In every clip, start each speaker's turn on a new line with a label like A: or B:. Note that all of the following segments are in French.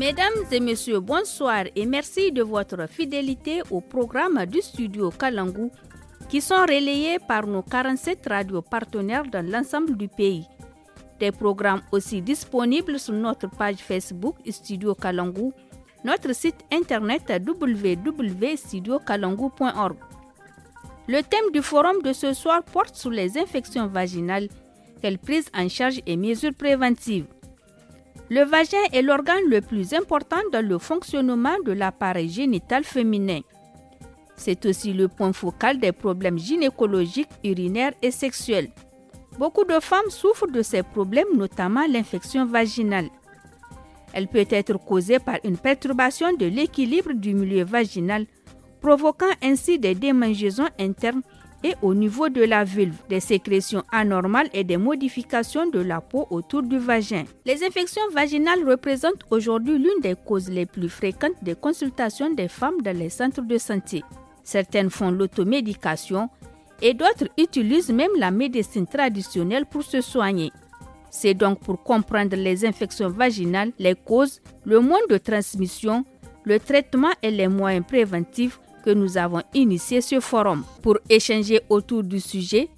A: Mesdames et messieurs, bonsoir et merci de votre fidélité au programme du studio Kalangu qui sont relayés par nos 47 radios partenaires dans l'ensemble du pays. Des programmes aussi disponibles sur notre page Facebook Studio Kalangu, notre site internet www.studiokalangu.org. Le thème du forum de ce soir porte sur les infections vaginales, quelles prises en charge et mesures préventives. Le vagin est l'organe le plus important dans le fonctionnement de l'appareil génital féminin. C'est aussi le point focal des problèmes gynécologiques, urinaires et sexuels. Beaucoup de femmes souffrent de ces problèmes, notamment l'infection vaginale. Elle peut être causée par une perturbation de l'équilibre du milieu vaginal, provoquant ainsi des démangeaisons internes et au niveau de la vulve, des sécrétions anormales et des modifications de la peau autour du vagin. Les infections vaginales représentent aujourd'hui l'une des causes les plus fréquentes des consultations des femmes dans les centres de santé. Certaines font l'automédication et d'autres utilisent même la médecine traditionnelle pour se soigner. C'est donc pour comprendre les infections vaginales, les causes, le mode de transmission, le traitement et les moyens préventifs que nous avons initié ce forum pour échanger autour du sujet.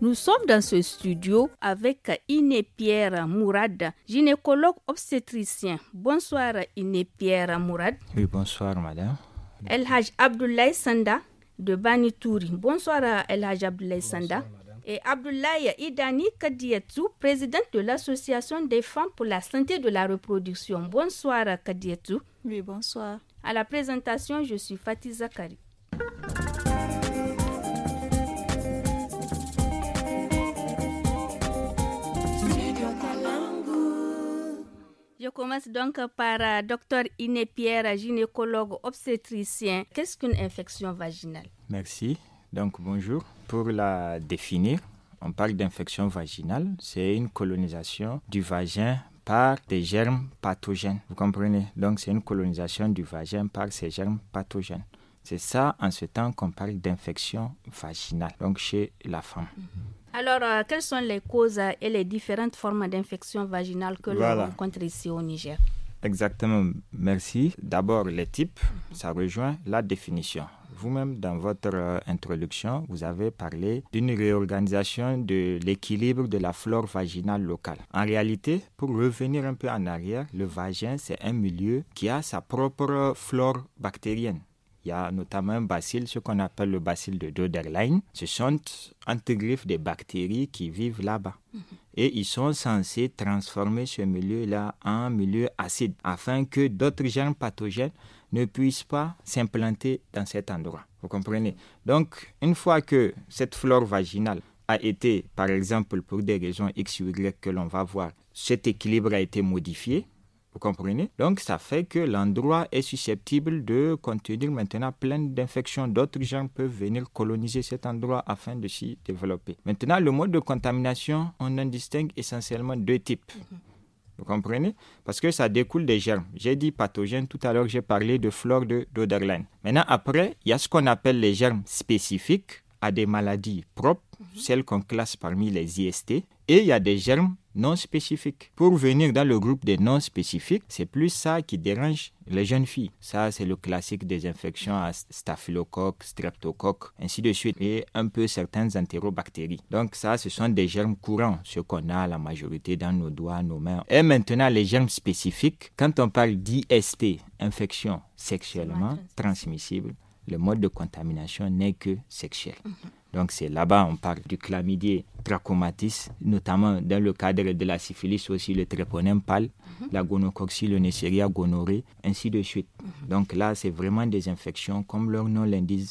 A: Nous sommes dans ce studio avec Iné-Pierre Mourad, gynécologue obstétricien. Bonsoir Iné-Pierre Mourad.
B: Oui, bonsoir madame.
A: El Haj Abdoulaye Sanda de Banitouri. Bonsoir El Haj Abdoulaye Sanda. et Abdoulaye Idani Kadietou, présidente de l'Association des femmes pour la santé de la reproduction. Bonsoir Kadietou. Oui, bonsoir. À la présentation, je suis Fatih Zakari. Je commence donc par euh, Dr Iné Pierre, gynécologue obstétricien. Qu'est-ce qu'une infection vaginale
B: Merci. Donc bonjour. Pour la définir, on parle d'infection vaginale. C'est une colonisation du vagin par des germes pathogènes. Vous comprenez Donc c'est une colonisation du vagin par ces germes pathogènes. C'est ça, en ce temps, qu'on parle d'infection vaginale, donc chez la femme. Mm-hmm.
A: Alors, euh, quelles sont les causes euh, et les différentes formes d'infection vaginale que l'on rencontre ici au Niger
B: Exactement, merci. D'abord, les types, mm-hmm. ça rejoint la définition. Vous-même, dans votre euh, introduction, vous avez parlé d'une réorganisation de l'équilibre de la flore vaginale locale. En réalité, pour revenir un peu en arrière, le vagin, c'est un milieu qui a sa propre flore bactérienne. Il y a notamment un bacille, ce qu'on appelle le bacille de Doderlein. Ce sont antigriffes des bactéries qui vivent là-bas. Mhm. Et ils sont censés transformer ce milieu-là en milieu acide afin que d'autres germes pathogènes ne puisse pas s'implanter dans cet endroit. Vous comprenez Donc, une fois que cette flore vaginale a été, par exemple, pour des raisons X Y que l'on va voir, cet équilibre a été modifié, vous comprenez Donc ça fait que l'endroit est susceptible de contenir maintenant plein d'infections. D'autres gens peuvent venir coloniser cet endroit afin de s'y développer. Maintenant, le mode de contamination, on en distingue essentiellement deux types. Mhm. Vous comprenez Parce que ça découle des germes. J'ai dit pathogène tout à l'heure, j'ai parlé de flore de Doderlein. Maintenant, après, il y a ce qu'on appelle les germes spécifiques à des maladies propres, mhm. celles qu'on classe parmi les IST, et il y a des germes non spécifiques. Pour venir dans le groupe des non spécifiques, c'est plus ça qui dérange les jeunes filles. Ça, c'est le classique des infections à staphylocoque, streptocoque, ainsi de suite, et un peu certaines entérobactéries. Donc ça, ce sont des germes courants, ce qu'on a la majorité dans nos doigts, nos mains. Et maintenant, les germes spécifiques, quand on parle d'IST, infection sexuellement transmissible, le mode de contamination n'est que sexuel. Donc c'est là-bas on parle du chlamydier trachomatis, notamment dans le cadre de la syphilis aussi le tréponème pâle, mhm. la gonocoxie, le Neisseria gonorrhée, ainsi de suite. Mhm. Donc là, c'est vraiment des infections, comme leur nom l'indique,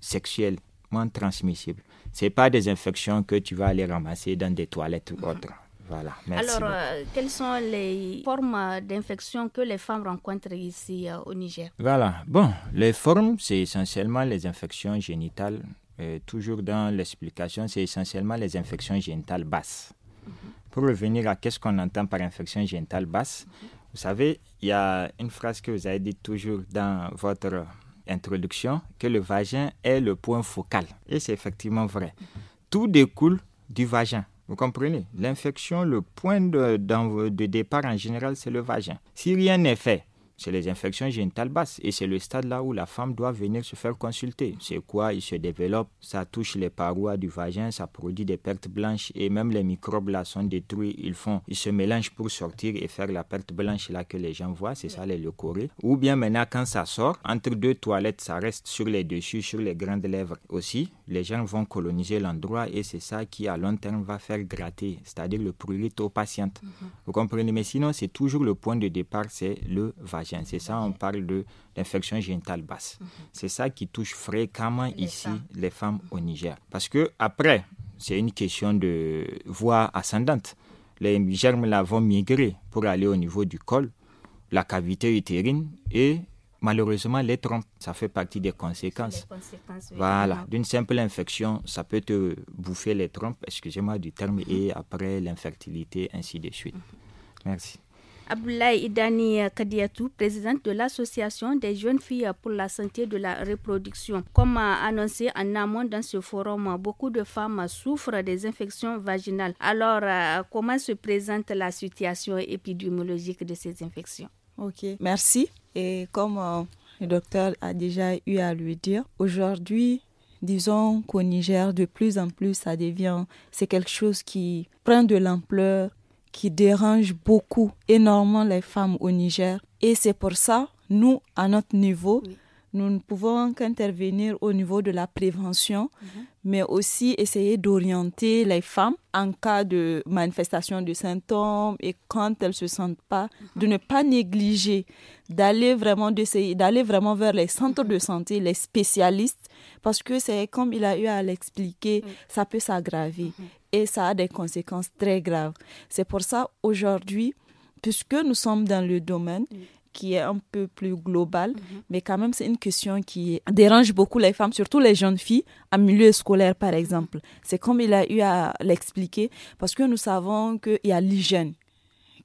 B: sexuellement transmissibles. Ce pas des infections que tu vas aller ramasser dans des toilettes ou mhm. autres. Voilà, Alors,
A: euh, quelles sont les formes d'infection que les femmes rencontrent ici euh, au Niger
B: Voilà. Bon, les formes, c'est essentiellement les infections génitales euh, toujours dans l'explication, c'est essentiellement les infections génitales basses. Mhm. Pour revenir à qu'est-ce qu'on entend par infection génitale basse, mhm. vous savez, il y a une phrase que vous avez dit toujours dans votre introduction, que le vagin est le point focal. Et c'est effectivement vrai. Mhm. Tout découle du vagin. Vous comprenez L'infection, le point de, départ en général, c'est le vagin. Si rien n'est fait, c'est les infections génitales basses et c'est le stade là où la femme doit venir se faire consulter. C'est quoi Il se développe, ça touche les parois du vagin, ça produit des pertes blanches et même les microbes là sont détruits. Ils font, ils se mélangent pour sortir et faire la perte blanche là que les gens voient, c'est ça les leucorrhées. Ou bien maintenant quand ça sort, entre deux toilettes, ça reste sur les dessus, sur les grandes lèvres aussi les gens vont coloniser l'endroit et c'est ça qui, à long terme, va faire gratter, c'est-à-dire le prurit aux patientes. Mhm. Vous comprenez Mais sinon, c'est toujours le point de départ, c'est le vagin. C'est ça, on parle de l'infection génitale basse. Mhm. C'est ça qui touche fréquemment ici les femmes mhm. au Niger. Parce que après, c'est une question de voie ascendante. Les germes là vont migrer pour aller au niveau du col, la cavité utérine et malheureusement, les trompes, ça fait partie des conséquences. voilà, d'une simple infection, ça peut te bouffer les trompes, excusez-moi du terme, mm-hmm. et après l'infertilité, ainsi de suite. Mm-hmm. Merci.
A: Abdoulaye Idani Kadiatou, présidente de l'Association des jeunes filles pour la santé de la reproduction. Comme annoncé en amont dans ce forum, beaucoup de femmes souffrent des infections vaginales. Alors, euh, comment se présente la situation épidémiologique de ces infections Ok,
C: merci. Et comme euh, le docteur a déjà eu à lui dire, aujourd'hui, disons qu'au Niger, de plus en plus, ça devient, c'est quelque chose qui prend de l'ampleur, qui dérange beaucoup, énormément les femmes au Niger. Et c'est pour ça, nous, à notre niveau, nous ne pouvons qu'intervenir au niveau de la prévention, mhm. mais aussi essayer d'orienter les femmes en cas de manifestation de symptômes et quand elles se sentent pas, mhm. de ne pas négliger, d'aller vraiment d'aller vraiment vers les centres de santé, les spécialistes, parce que c'est comme il a eu à l'expliquer, ça peut s'aggraver mhm. et ça a des conséquences très graves. C'est pour ça aujourd'hui, puisque nous sommes dans le domaine, qui est un peu plus globale, mhm. mais quand même, c'est une question qui dérange beaucoup les femmes, surtout les jeunes filles, en milieu scolaire, par mhm. exemple. C'est comme il a eu à l'expliquer, parce que nous savons qu'il y a l'hygiène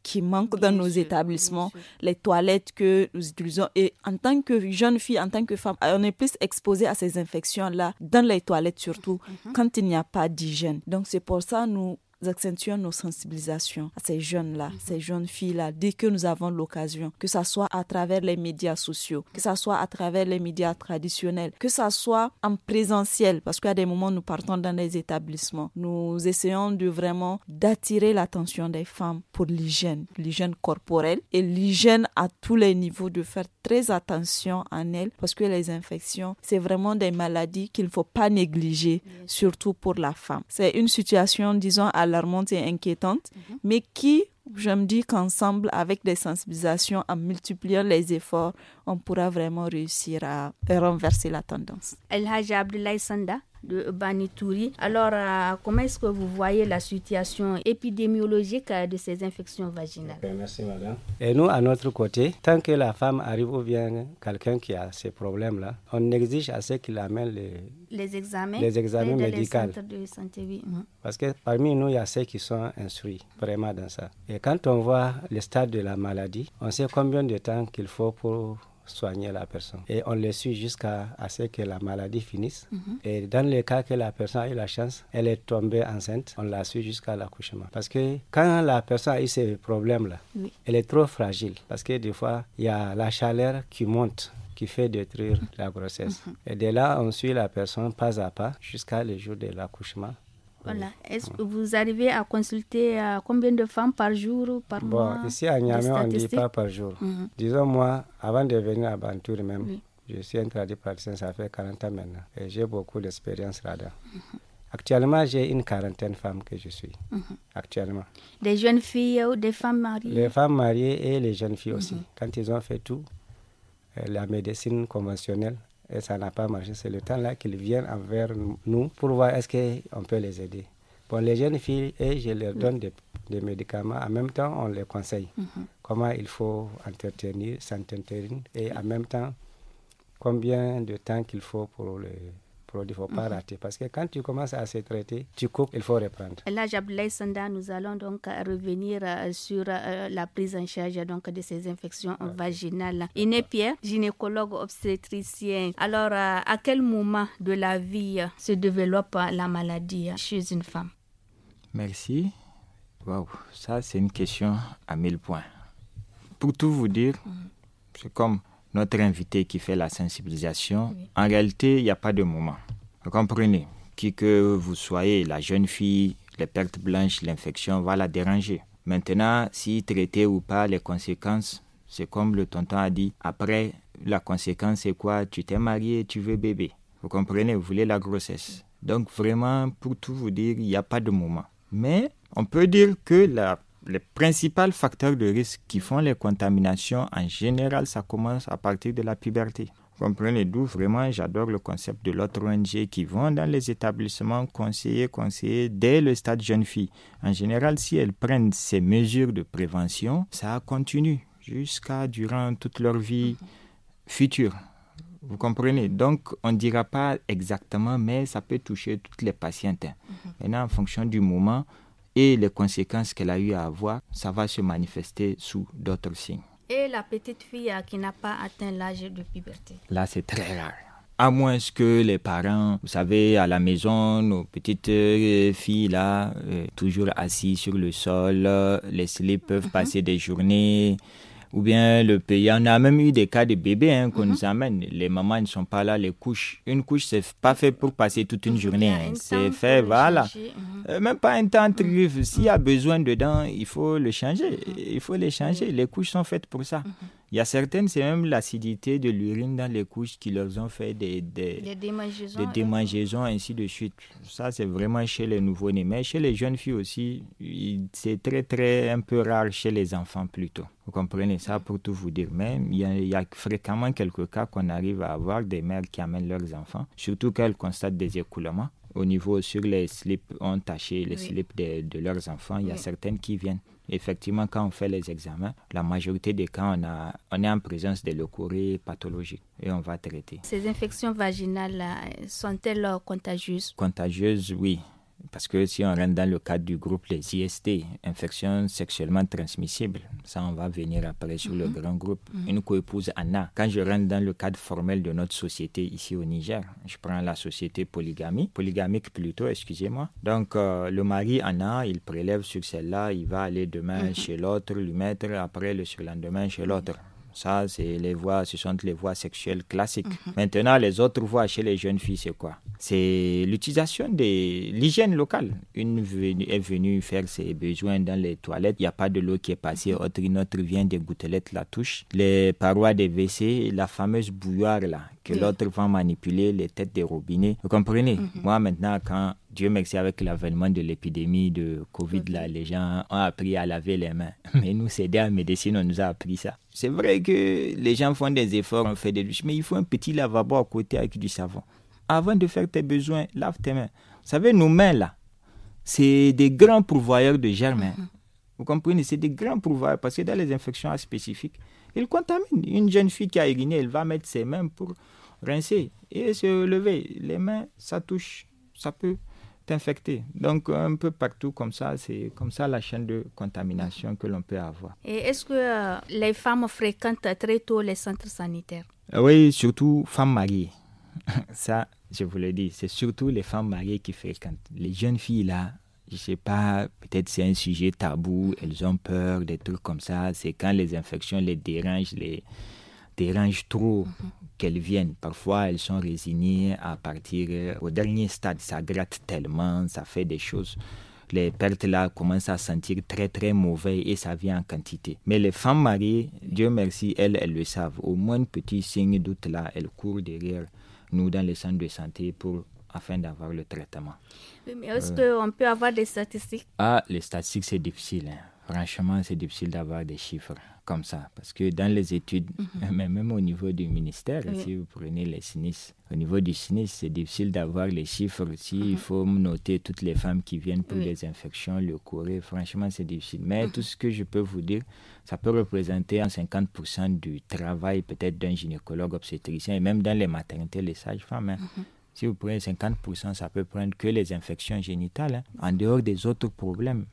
C: qui manque dans nos établissements, les toilettes que nous utilisons. Et en tant que jeune fille, en tant que femme, on est plus exposé à ces infections-là, dans les toilettes surtout, mhm. quand il n'y a pas d'hygiène. Donc c'est pour ça, nous accentuons nos sensibilisations à ces jeunes-là, mhm. ces jeunes filles-là, dès que nous avons l'occasion, que ce soit à travers les médias sociaux, que ce soit à travers les médias traditionnels, que ça soit en présentiel, parce qu'à des moments, nous partons dans les établissements. Nous essayons de vraiment d'attirer l'attention des femmes pour l'hygiène, l'hygiène corporelle et l'hygiène à tous les niveaux, de faire très attention en elles, parce que les infections, c'est vraiment des maladies qu'il ne faut pas négliger, surtout pour la femme. C'est une situation, disons, à alarmante et inquiétante, mhm. mais qui, je me dis qu'ensemble, avec des sensibilisations, en multipliant les efforts, on pourra vraiment réussir à renverser la tendance.
A: El Haji Abdullah Sanda, de Banitouri. Alors, euh, comment est-ce que vous voyez la situation épidémiologique euh, de ces infections vaginales Merci, madame.
D: Et nous, à notre côté, tant que la femme arrive ou vient, quelqu'un qui a ces problèmes-là, on exige à ceux qu'il amène les,
A: les examens, les examens médicaux. Mhm.
D: Parce que parmi nous, il y a ceux qui sont instruits vraiment dans ça. Et quand on voit le stade de la maladie, on sait combien de temps qu'il faut pour soigner la personne. Et on le suit jusqu'à ce que la maladie finisse. Mhm. Et dans le cas que la personne a eu la chance, elle est tombée enceinte, on la suit jusqu'à l'accouchement. Parce que quand la personne a eu ces problèmes-là, elle est trop fragile. Parce que des fois, il y a la chaleur qui monte qui fait détruire la grossesse. Mhm. Et de là, on suit la personne pas à pas jusqu'à le jour de l'accouchement
A: voilà. Est-ce que vous arrivez à consulter euh, combien de femmes par jour ou par bon, mois Ici à Niamey, on ne dit pas par jour. Mhm.
D: Disons, moi, avant de venir à Bantour même, je suis un praticien, ça fait 40 ans maintenant. Et j'ai beaucoup d'expérience là-dedans. Mhm. Actuellement, j'ai une quarantaine de femmes que je suis. Mhm. Actuellement.
A: Des jeunes filles ou des femmes mariées Les
D: femmes mariées et les jeunes filles aussi. Quand ils ont fait tout, euh, la médecine conventionnelle, et ça n'a pas marché. C'est le temps-là qu'ils viennent envers nous pour voir est-ce qu'on peut les aider. Bon, les jeunes filles, et je leur donne des, médicaments. En même temps, on les conseille mhm. comment il faut entretenir, s'entretenir et en même temps, combien de temps qu'il faut pour les... Il ne faut pas mhm. rater. Parce que quand tu commences à se traiter, tu coupes, il faut reprendre.
A: Là, Jablaï Sanda, nous allons donc euh, revenir euh, sur euh, la prise en charge donc, de ces infections vaginales. Iné Pierre, gynécologue obstétricien. Alors, à quel moment de la vie se développe la maladie chez une femme
B: Merci. Waouh, ça, c'est une question à mille points. Pour tout vous dire, mhm. c'est comme notre invité qui fait la sensibilisation, en réalité, il n'y a pas de moment. Vous comprenez Qui que vous soyez, la jeune fille, les pertes blanches, l'infection va la déranger. Maintenant, si traité ou pas, les conséquences, c'est comme le tonton a dit, après, la conséquence, c'est quoi Tu t'es marié, tu veux bébé. Vous comprenez Vous voulez la grossesse. Donc vraiment, pour tout vous dire, il n'y a pas de moment. Mais on peut dire que la les principaux facteurs de risque qui font les contaminations, en général, ça commence à partir de la puberté. Vous Comprenez d'où vraiment j'adore le concept de l'autre ONG qui vont dans les établissements conseiller, conseiller dès le stade jeune fille. En général, si elles prennent ces mesures de prévention, ça continue jusqu'à durant toute leur vie future. Vous comprenez Donc, on ne dira pas exactement, mais ça peut toucher toutes les patientes. Mhm. Maintenant, en fonction du moment, et les conséquences qu'elle a eu à avoir, ça va se manifester sous d'autres signes.
A: Et la petite fille euh, qui n'a pas atteint l'âge de puberté
B: Là, c'est très rare. À moins que les parents, vous savez, à la maison, nos petites euh, filles là, euh, toujours assises sur le sol, les slips peuvent mhm. passer des journées ou bien le pays. On a même eu des cas de bébés hein, qu'on mhm. nous amène. Les mamans ne sont pas là, les couches. Une couche, c'est pas fait pour passer toute une journée. Hein. C'est fait, voilà.
D: Mhm.
B: Euh, même pas un temps triomphe. Mhm. S'il y a besoin dedans, il faut le changer. Il faut les changer. Les couches sont faites pour ça. Il y a certaines, c'est même l'acidité de l'urine dans les couches qui leur ont fait des, des, des démangeaisons, hein. ainsi de suite. Ça, c'est vraiment chez les nouveaux nés Mais chez les jeunes filles aussi, c'est très, très un peu rare chez les enfants plutôt. Vous comprenez ça pour tout vous dire. Mais il y a, fréquemment quelques cas qu'on arrive à avoir des mères qui amènent leurs enfants, surtout qu'elles constatent des écoulements. Au niveau sur les slips, ont taché les slips de, de, leurs enfants. Il y a certaines qui viennent Effectivement, quand on fait les examens, la majorité des cas, on, est en présence de leucorrhées pathologiques et on va traiter.
A: Ces infections vaginales euh, sont-elles contagieuses
B: Contagieuses, oui. Parce que si on rentre dans le cadre du groupe les IST, infections sexuellement transmissibles, ça on va venir après sur le mhm. grand groupe. Une mhm. co Une coépouse Anna, quand je rentre dans le cadre formel de notre société ici au Niger, je prends la société polygamie, polygamique plutôt, excusez-moi. Donc euh, le mari Anna, il prélève sur celle-là, il va aller demain mhm. chez l'autre, lui mettre après le surlendemain chez l'autre. Ça, c'est les voix ce sont les voies sexuelles classiques. Mhm. Maintenant, les autres voies chez les jeunes filles, c'est quoi C'est l'utilisation de l'hygiène locale. Une est venue faire ses besoins dans les toilettes. Il n'y a pas de l'eau qui est passée. Mhm. Autre, une autre vient des gouttelettes, la touche. Les parois des WC, la fameuse bouilloire là, que l'autre va manipuler, les têtes des robinets. Vous comprenez mhm. Moi, maintenant, quand Dieu merci avec l'avènement de l'épidémie de Covid, là, les gens ont appris à laver les mains. Mais nous, c'est des médecine, on nous a appris ça. C'est vrai que les gens font des efforts, on fait des douches, mais il faut un petit lavabo à côté avec du savon. Avant de faire tes besoins, lave tes mains. Vous savez, nos mains, là, c'est des grands pourvoyeurs de germes. Hein. Mhm. Vous comprenez, c'est des grands pourvoyeurs parce que dans les infections spécifiques, ils contaminent. Une jeune fille qui a uriné, elle va mettre ses mains pour rincer et se lever. Les mains, ça touche, ça peut infecté. Donc un peu partout comme ça, c'est comme ça la chaîne de contamination que l'on peut avoir.
A: Et est-ce que euh, les femmes fréquentent très tôt les centres sanitaires
B: euh, Oui, surtout femmes mariées. ça, je vous le dis, c'est surtout les femmes mariées qui fréquentent. Les jeunes filles là, je sais pas, peut-être c'est un sujet tabou, elles ont peur, des trucs comme ça. C'est quand les infections les dérangent, les dérange trop mhm. qu'elles viennent. Parfois, elles sont résignées à partir euh, au dernier stade. Ça gratte tellement, ça fait des choses. Les pertes là commencent à sentir très très mauvais et ça vient en quantité. Mais les femmes mariées, Dieu merci, elles, elles le savent. Au moins petit signe doute là, elles courent derrière nous dans les centres de santé pour afin d'avoir le traitement.
A: mais est-ce qu'on euh. peut avoir des statistiques
B: Ah, les statistiques c'est difficile. Hein Franchement, c'est difficile d'avoir des chiffres comme ça, parce que dans les études, mhm. même au niveau du ministère, si vous prenez les sinistres, au niveau du sinistre, c'est difficile d'avoir les chiffres. aussi. il mhm. faut noter toutes les femmes qui viennent pour les infections, le courrier, franchement, c'est difficile. Mais mhm. tout ce que je peux vous dire, ça peut représenter 50% du travail peut-être d'un gynécologue obstétricien, et même dans les maternités, les sages-femmes. Hein. Si vous prenez 50%, ça peut prendre que les infections génitales. Hein. En dehors des autres problèmes,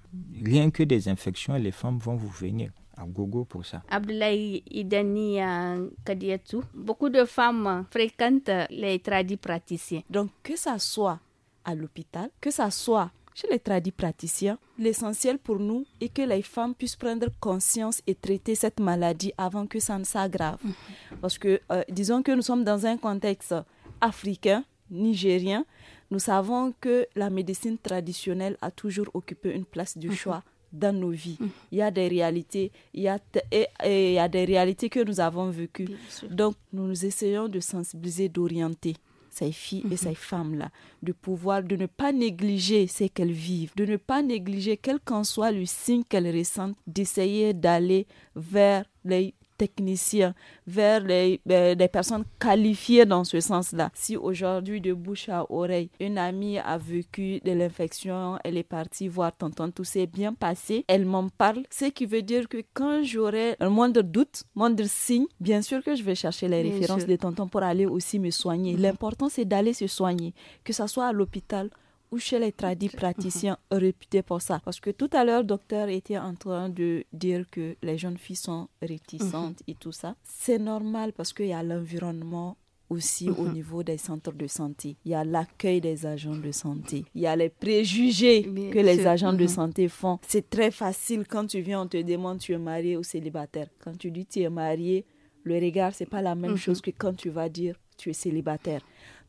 B: rien que des infections, les femmes vont vous venir à gogo pour ça.
A: Abdoulaye Idani euh, Kadiatou, beaucoup de femmes fréquentent les tradis praticiens. Donc que ça soit à l'hôpital, que ça soit
C: chez les tradis praticiens, l'essentiel pour nous est que les femmes puissent prendre conscience et traiter cette maladie avant que ça ne s'aggrave. Mm-hmm. Parce que, euh, disons que nous sommes dans un contexte africain, nigérien, nous savons que la médecine traditionnelle a toujours occupé une place de choix dans nos vies. Mm. Il y a des réalités, y et, des réalités que nous avons vécues. Donc, nous, essayons de sensibiliser, d'orienter ces filles et mm-hmm. ces femmes-là, de pouvoir, de ne pas négliger ce qu'elles vivent, de ne pas négliger quel qu'en soit le signe qu'elles ressentent, d'essayer d'aller vers les techniciens, vers euh, des personnes qualifiées dans ce sens-là. Si aujourd'hui, de bouche à oreille, une amie a vécu de l'infection, elle est partie voir tonton, tout s'est bien passé, elle m'en parle, ce qui veut dire que quand j'aurai un moindre doute, moindre signe, bien sûr que je vais chercher les références de tonton pour aller aussi me soigner. Mhm. L'important, c'est d'aller se soigner, que ce soit à l'hôpital ou chez les tradis praticiens mhm. réputés pour ça. Parce que tout à l'heure, le docteur était en train de dire que les jeunes filles sont réticentes mhm. et tout ça. C'est normal parce qu'il y a l'environnement aussi au mhm. niveau des centres de santé. Il y a l'accueil des agents de santé. Il y a les préjugés que les agents de santé font. C'est très facile quand tu viens, on te demande tu es marié ou célibataire. Quand tu dis tu es marié, le regard, c'est pas la même chose que quand tu vas dire tu es célibataire.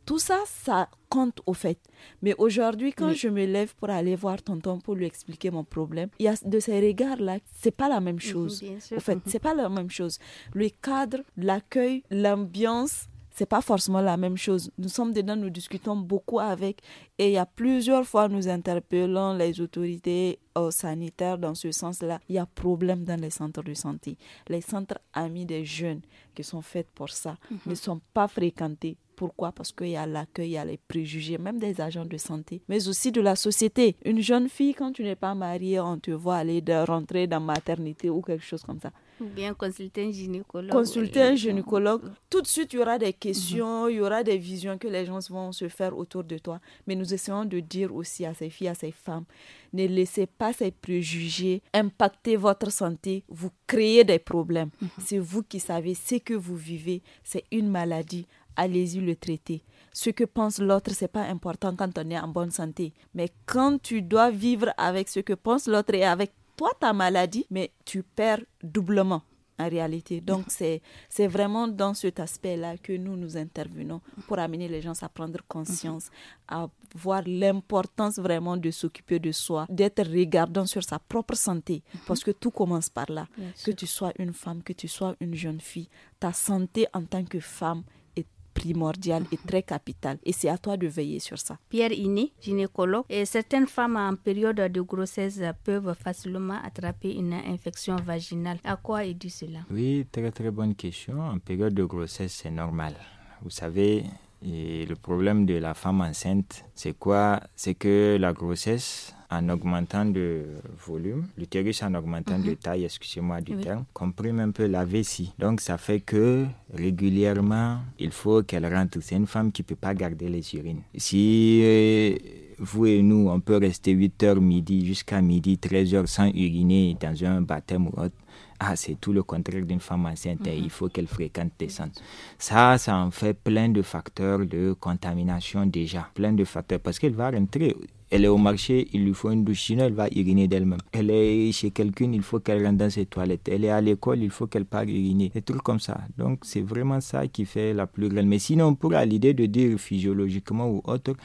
C: Tout ça, ça compte au fait. Mais aujourd'hui, quand je me lève pour aller voir tonton pour lui expliquer mon problème, il y a de ces regards-là, c'est pas la même mhm, chose. Au fait, c'est pas la même chose. Le cadre, l'accueil, l'ambiance, c'est pas forcément la même chose. Nous sommes dedans, nous discutons beaucoup avec, et il y a plusieurs fois nous interpellons les autorités euh, sanitaires dans ce sens-là. Il y a problème dans les centres de santé. Les centres amis des jeunes qui sont faits pour ça mhm. ne sont pas fréquentés pourquoi Parce qu'il y a l'accueil, il y a les préjugés, même des agents de santé, mais aussi de la société. Une jeune fille, quand tu n'es pas mariée, on te voit aller de rentrer dans maternité ou quelque chose comme ça.
A: Ou bien consulter un gynécologue. Consulter un gynécologue.
C: Tout de suite, il y aura des questions, il y aura des visions que les gens vont se faire autour de toi. Mais nous essayons de dire aussi à ces filles, à ces femmes, ne laissez pas ces préjugés impacter votre santé, vous créez des problèmes. Mm-hmm. C'est vous qui savez ce que vous vivez, c'est une maladie allez-y le traiter. Ce que pense l'autre, c'est pas important quand on est en bonne santé. Mais quand tu dois vivre avec ce que pense l'autre et avec toi ta maladie, mais tu perds doublement en réalité. Donc, c'est, c'est vraiment dans cet aspect-là que nous, nous intervenons pour amener les gens à prendre conscience, à voir l'importance vraiment de s'occuper de soi, d'être regardant sur sa propre santé, mhm. parce que tout commence par là. que tu sois une femme, que tu sois une jeune fille, ta santé en tant que femme, primordial et très capital. Et c'est à toi de veiller sur ça.
A: Pierre Iné, gynécologue, et certaines femmes en période de grossesse peuvent facilement attraper une infection vaginale. À quoi est dû cela
B: Oui, très très bonne question. En période de grossesse, c'est normal. Vous savez, et le problème de la femme enceinte, c'est quoi C'est que la grossesse, en augmentant de volume, l'utérus en augmentant de mhm. taille, excusez-moi du terme, comprime un peu la vessie. Donc ça fait que régulièrement, il faut qu'elle rentre. C'est une femme qui ne peut pas garder les urines. Si euh, vous et nous, on peut rester 8 heures midi jusqu'à midi, 13 heures sans uriner dans un baptême ou autre. Ah, c'est tout le contraire d'une femme enceinte. Hein. Mm-hmm. Il faut qu'elle fréquente des centres. Ça, ça en fait plein de facteurs de contamination déjà. Plein de facteurs. Parce qu'elle va rentrer. Elle est au marché, il lui faut une douche, sinon elle va uriner d'elle-même. Elle est chez quelqu'un, il faut qu'elle rentre dans ses toilettes. Elle est à l'école, il faut qu'elle parte uriner. Des trucs comme ça. Donc, c'est vraiment ça qui fait la plus grande. Mais sinon, pour l'idée de dire physiologiquement ou autre,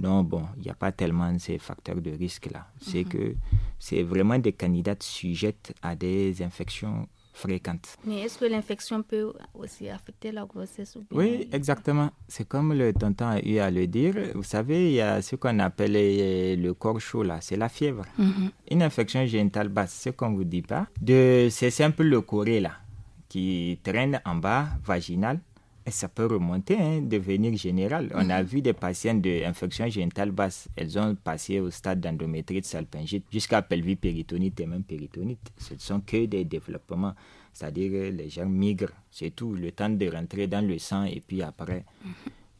B: non, bon, il n'y a pas tellement ces facteurs de risque-là. C'est mhm. que c'est vraiment des candidates sujettes à des infections fréquentes.
A: Mais est-ce que l'infection peut aussi affecter la grossesse bien... Oui,
B: exactement. C'est comme le tonton a eu à le dire. Vous savez, il y a ce qu'on appelle le corps chaud, là, c'est la fièvre. Mhm. Une infection génitale basse, ce qu'on ne vous dit pas. C'est simple le coré, là, qui traîne en bas, vaginal ça peut remonter, hein, devenir général. On a mhm. vu des patients d'infection génitale basse, elles ont passé au stade de salpingite, jusqu'à pelvipéritonite et même péritonite. Ce ne sont que des développements, c'est-à-dire les gens migrent, c'est tout, le temps de rentrer dans le sang et puis après, mhm.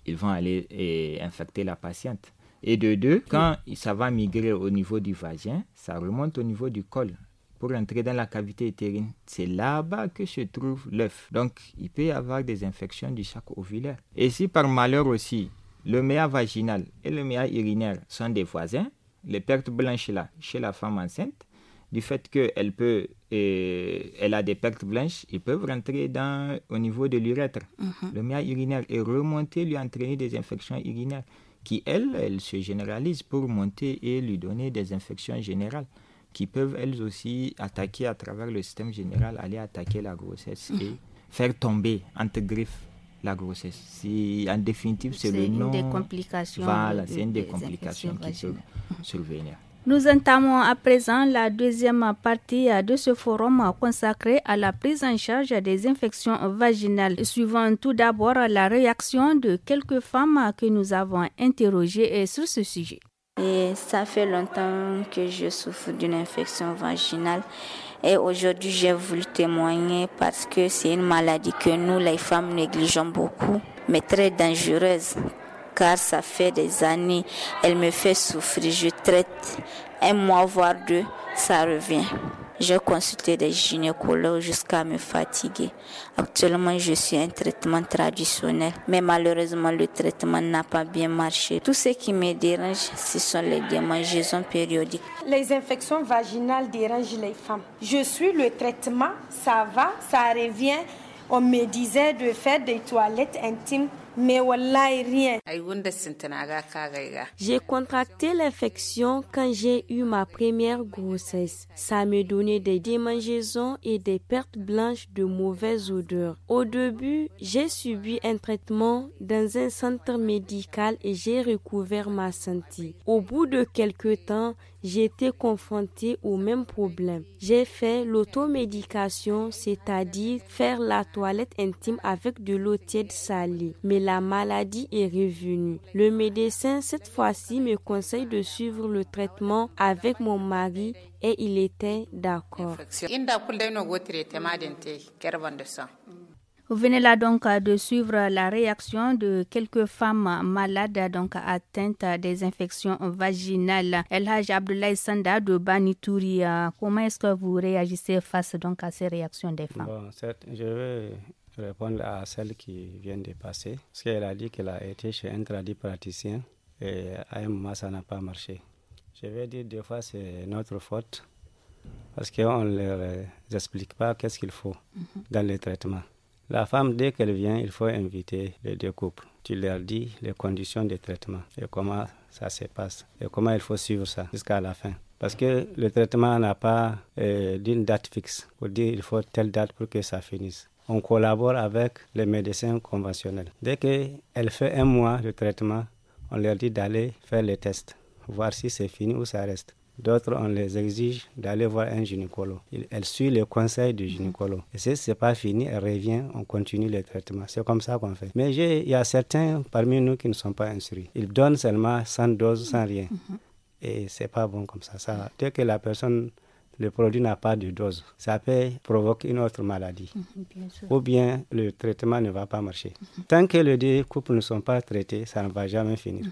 B: ils vont aller et eh, infecter la patiente. Et de deux, quand ça va migrer au niveau du vagin, ça remonte au niveau du col pour entrer dans la cavité utérine. C'est là-bas que se trouve l'œuf. Donc, il peut avoir des infections du sac ovulaire. Et si par malheur aussi, le méa vaginal et le méa urinaire sont des voisins, les pertes blanches là, chez la femme enceinte, du fait qu'elle peut, elle a des pertes blanches, ils peuvent rentrer dans, au niveau de l'urètre, mhm. le méa urinaire, est remonter, lui entraîner des infections urinaires qui, elle, elles se généralisent pour monter et lui donner des infections générales qui peuvent elles aussi attaquer à travers le système général, aller attaquer la grossesse et faire tomber entre griffes la grossesse. Si, en définitive, c'est le nom. C'est une des complications. c'est des, complications qui peuvent survenir.
A: Nous entamons à présent la deuxième partie de ce forum consacré à la prise en charge des infections vaginales, suivant tout d'abord la réaction de quelques femmes que nous avons interrogées sur ce sujet. Et ça fait longtemps que je souffre d'une infection vaginale. Et aujourd'hui, j'ai voulu témoigner parce que c'est une maladie que nous, les femmes, négligeons beaucoup, mais très dangereuse. Car ça fait des années, elle me fait souffrir. Je traite un mois, voire deux, ça revient. J'ai consulté des gynécologues jusqu'à me fatiguer. Actuellement, je suis un traitement traditionnel, mais malheureusement, le traitement n'a pas bien marché. Tout ce qui me dérange, ce sont les démangeaisons périodiques. Les infections vaginales dérangent les femmes. Je suis le traitement, ça va, ça revient. On me disait de faire des toilettes intimes j'ai contracté l'infection quand j'ai eu ma première grossesse. Ça me donnait des démangeaisons et des pertes blanches de mauvaise odeur. Au début, j'ai subi un traitement dans un centre médical et j'ai recouvert ma santé. Au bout de quelques temps, j'étais confrontée au même problème. J'ai fait l'automédication, c'est-à-dire faire la toilette intime avec de l'eau tiède salée. Mais la maladie est revenue. Le médecin, cette fois-ci, me conseille de suivre le traitement avec mon mari et il était d'accord. Vous venez là donc de suivre la réaction de quelques femmes malades donc atteintes des infections vaginales. Elle Abdoulaye Sanda de Banitouri, euh, comment est-ce que vous réagissez face donc à ces réactions des
D: femmes bon, certes, je vais répondre à celle qui vient de passer parce qu'elle a dit qu'elle a été chez un tradit praticien et à un moment ça n'a pas marché. Je vais dire deux fois c'est notre faute parce qu'on ne leur explique pas qu'est-ce qu'il faut mhm. dans les traitements. La femme, dès qu'elle vient, il faut inviter les deux couples. Tu leur dis les conditions de traitement et comment ça se passe et comment il faut suivre ça jusqu'à la fin. Parce que le traitement n'a pas euh, d'une date fixe. On dit il faut telle date pour que ça finisse. On collabore avec les médecins conventionnels. Dès qu'elle fait un mois de traitement, on leur dit d'aller faire les tests, voir si c'est fini ou ça reste. D'autres, on les exige d'aller voir un gynécolo. Elle suit les conseils du gynécolo. Et si ce n'est pas fini, elle revient, on continue le traitement. C'est comme ça qu'on fait. Mais il y a certains parmi nous qui ne sont pas instruits. Ils donnent seulement 100 doses sans rien. Et ce n'est pas bon comme ça. ça. Dès que la personne le produit n'a pas de dose. Ça peut provoquer une autre maladie. Mhm, Ou bien le traitement ne va pas marcher. Tant que les découpes ne sont pas traités, ça ne va jamais finir.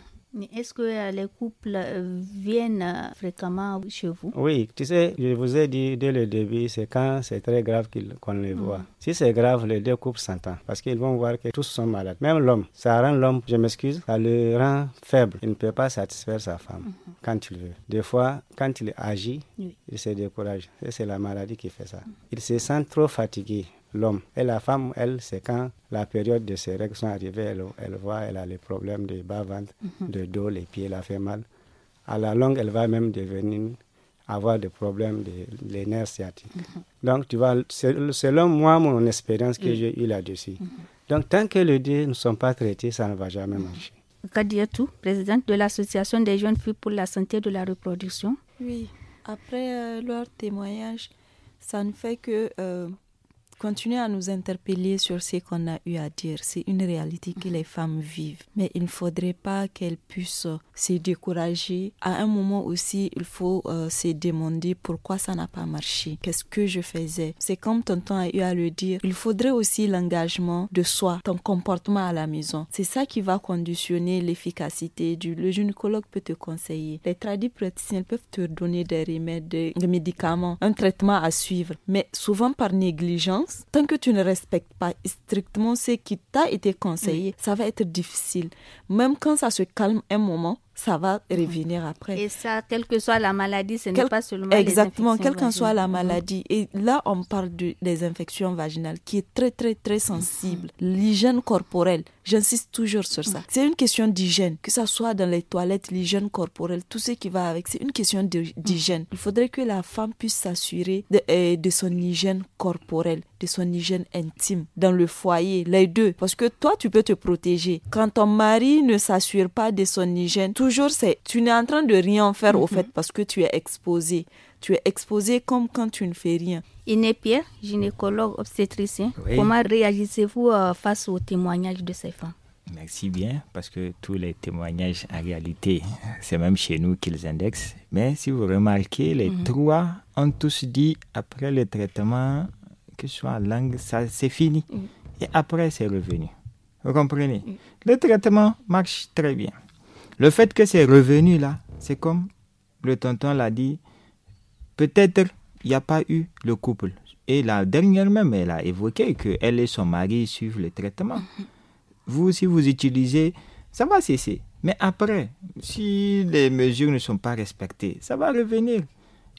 A: Est-ce que euh, les couples euh, viennent euh, fréquemment chez vous
D: Oui, tu sais, je vous ai dit dès le début, c'est quand c'est très grave qu'on les voit. Mm. Si c'est grave, les deux couples s'entendent parce qu'ils vont voir que tous sont malades. Même l'homme, ça rend l'homme, je m'excuse, ça le rend faible. Il ne peut pas satisfaire sa femme mm-hmm. quand il veut. Des fois, quand il agit, il se décourage. C'est la maladie qui fait ça. Mm. Il se sent trop fatigué l'homme. Et la femme, elle, c'est quand la période de ses règles sont arrivées, elle, voit, elle a les problèmes de bas-ventre, mhm. de dos, les pieds, elle a fait mal. À la longue, elle va même devenir avoir des problèmes de les nerfs sciatiques. Mhm. Donc, tu vois, selon moi, mon expérience que j'ai eue là-dessus. Mhm. Donc, tant que les deux ne sont pas traités, ça ne va jamais marcher.
A: Kadiatou, présidente de l'Association des jeunes filles pour la santé de la reproduction.
C: Oui, après euh, leur témoignage, ça ne fait que euh, continuer à nous interpeller sur ce qu'on a eu à dire. C'est une réalité que les femmes vivent. Mais il ne faudrait pas qu'elles puissent se décourager. À un moment aussi, il faut euh, se demander pourquoi ça n'a pas marché. Qu'est-ce que je faisais C'est comme tonton a eu à le dire. Il faudrait aussi l'engagement de soi, ton comportement à la maison. C'est ça qui va conditionner l'efficacité du... Le gynécologue peut te conseiller. Les tradis praticiens peuvent te donner des remèdes, des médicaments, un traitement à suivre. Mais souvent par négligence, tant que tu ne respectes pas strictement ce qui t'a été conseillé, ça va être difficile. Même quand ça se calme un moment, ça va revenir après.
A: Et ça, quelle que soit la maladie, ce n'est pas seulement Exactement, quelle qu'en soit la maladie.
C: Et là, on parle des infections vaginales qui est très, très, très sensible. Mm. L'hygiène corporelle, j'insiste toujours sur ça. Mm. C'est une question d'hygiène, que ça soit dans les toilettes, l'hygiène corporelle, tout ce qui va avec, c'est une question d'hygiène. Mm. Il faudrait que la femme puisse s'assurer de, euh, de son hygiène corporelle, de son hygiène intime, dans le foyer, les deux. Parce que toi, tu peux te protéger. Quand ton mari ne s'assure pas de son hygiène, tout toujours, c'est tu n'es en train de rien faire au mm-hmm. fait parce que tu es exposé. Tu es exposé comme quand tu ne fais rien. Iné Pierre, gynécologue
A: obstétricien, comment réagissez-vous euh, face aux témoignages de ces femmes
B: Merci bien, parce que tous les témoignages, en réalité, c'est même chez nous qu'ils indexent. Mais si vous remarquez, les mm-hmm. trois ont tous dit, après le traitement, que ce soit langue, ça c'est fini. Mm. Et après, c'est revenu. Vous comprenez mm. Le traitement marche très bien. Le fait que c'est revenu là, c'est comme le tonton l'a dit, peut-être il n'y a pas eu le couple. Et la dernière même, elle a évoqué qu'elle et son mari suivent le traitement. Mhm. Vous, si vous utilisez, ça va cesser. Mais après, si les mesures ne sont pas respectées, ça va revenir.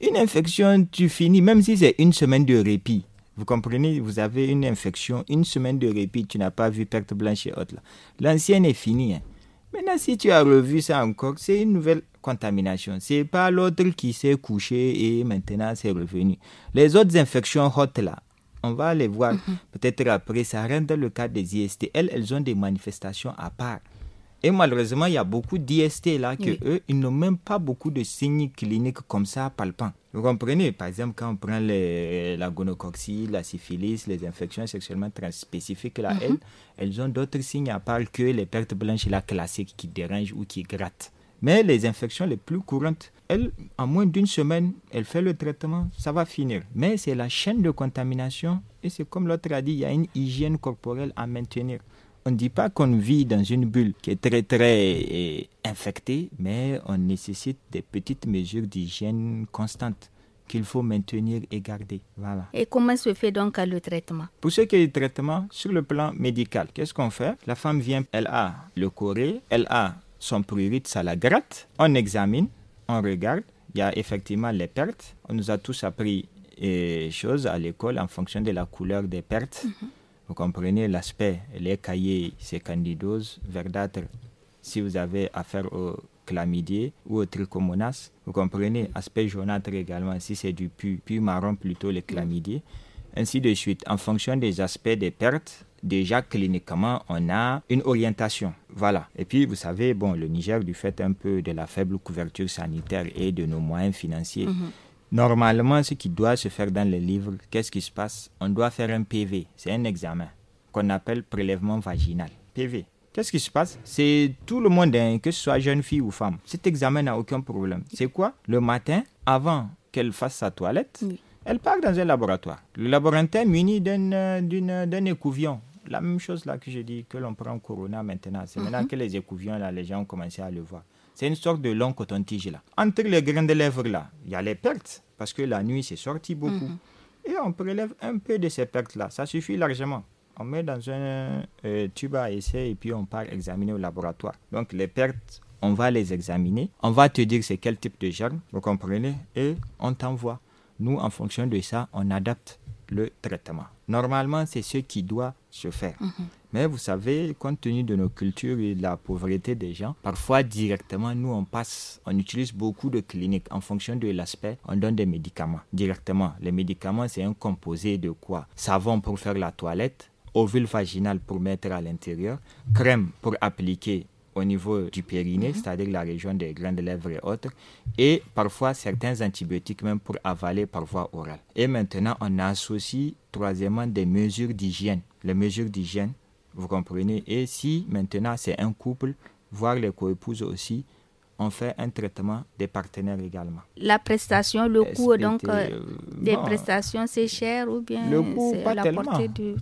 B: Une infection, tu finis, même si c'est une semaine de répit. Vous comprenez, vous avez une infection, une semaine de répit, tu n'as pas vu perte blanche et autres. L'ancienne est finie. Hein. Maintenant, si tu as revu ça encore, c'est une nouvelle contamination. C'est pas l'autre qui s'est couché et maintenant c'est revenu. Les autres infections hautes là, on va les voir mhm. peut-être après. Ça rentre dans le cas des IST. elles ont des manifestations à part. Et malheureusement, il y a beaucoup d'IST là que eux, ils n'ont même pas beaucoup de signes cliniques comme ça palpants. Vous comprenez Par exemple, quand on prend la gonocoxie, la syphilis, les infections sexuellement transspécifiques, là, mhm. elles, ont d'autres signes à part que les pertes blanches là classiques qui dérangent ou qui grattent. Mais les infections les plus courantes, elles, en moins d'une semaine, elles font le traitement, ça va finir. Mais c'est la chaîne de contamination et c'est comme l'autre a dit, il y a une hygiène corporelle à maintenir. On ne dit pas qu'on vit dans une bulle qui est très très eh, infectée, mais on nécessite des petites mesures d'hygiène constantes qu'il faut maintenir et garder. Voilà.
A: Et comment se fait donc le traitement
B: Pour ce qui est du traitement, sur le plan médical, qu'est-ce qu'on fait La femme vient, elle a le corée, elle a son prurite, ça la gratte. On examine, on regarde, il y a effectivement les pertes. On nous a tous appris des eh, choses à l'école en fonction de la couleur des pertes. Mhm. Vous comprenez l'aspect, les cahiers, c'est candidose verdâtre. Si vous avez affaire au chlamydier ou au trichomonas, vous comprenez aspect jaunâtre également. Si c'est du pu, pu marron plutôt le chlamydier. Ainsi de suite, en fonction des aspects des pertes, déjà cliniquement, on a une orientation. Voilà. Et puis, vous savez, bon, le Niger, du fait un peu de la faible couverture sanitaire et de nos moyens financiers, mhm. Normalement, ce qui doit se faire dans les livres, qu'est-ce qui se passe On doit faire un PV, c'est un examen qu'on appelle prélèvement vaginal. PV. Qu'est-ce qui se passe C'est tout le monde, hein, que ce soit jeune fille ou femme. Cet examen n'a aucun problème. C'est quoi Le matin, avant qu'elle fasse sa toilette, elle part dans un laboratoire. Le laboratoire muni d'un euh, écouvillon la même chose là que je dis, que l'on prend Corona maintenant. C'est maintenant mhm. que les écouviens, là, les gens ont commencé à le voir. C'est une sorte de long coton-tige là. Entre les grains de lèvres là, il y a les pertes, parce que la nuit, c'est sorti beaucoup. Mhm. Et on prélève un peu de ces pertes là. Ça suffit largement. On met dans un euh, tube à essai et puis on part examiner au laboratoire. Donc les pertes, on va les examiner. On va te dire c'est quel type de germe, vous comprenez Et on t'envoie. Nous, en fonction de ça, on adapte le traitement. Normalement, c'est ce qui doit se faire. Mhm. Mais vous savez, compte tenu de nos cultures et de la pauvreté des gens, parfois directement, nous, on passe, on utilise beaucoup de cliniques. En fonction de l'aspect, on donne des médicaments directement. Les médicaments, c'est un composé de quoi Savon pour faire la toilette, ovule vaginal pour mettre à l'intérieur, crème pour appliquer au niveau du périnée, mhm. c'est-à-dire la région des grandes lèvres et autres, et parfois certains antibiotiques même pour avaler par voie orale. Et maintenant, on associe troisièmement des mesures d'hygiène les mesures d'hygiène, vous comprenez. Et si maintenant c'est un couple, voire les coépouses aussi, on fait un traitement des partenaires également.
A: La prestation, le coût donc euh, des euh, prestations, c'est cher ou bien le coût, la portée du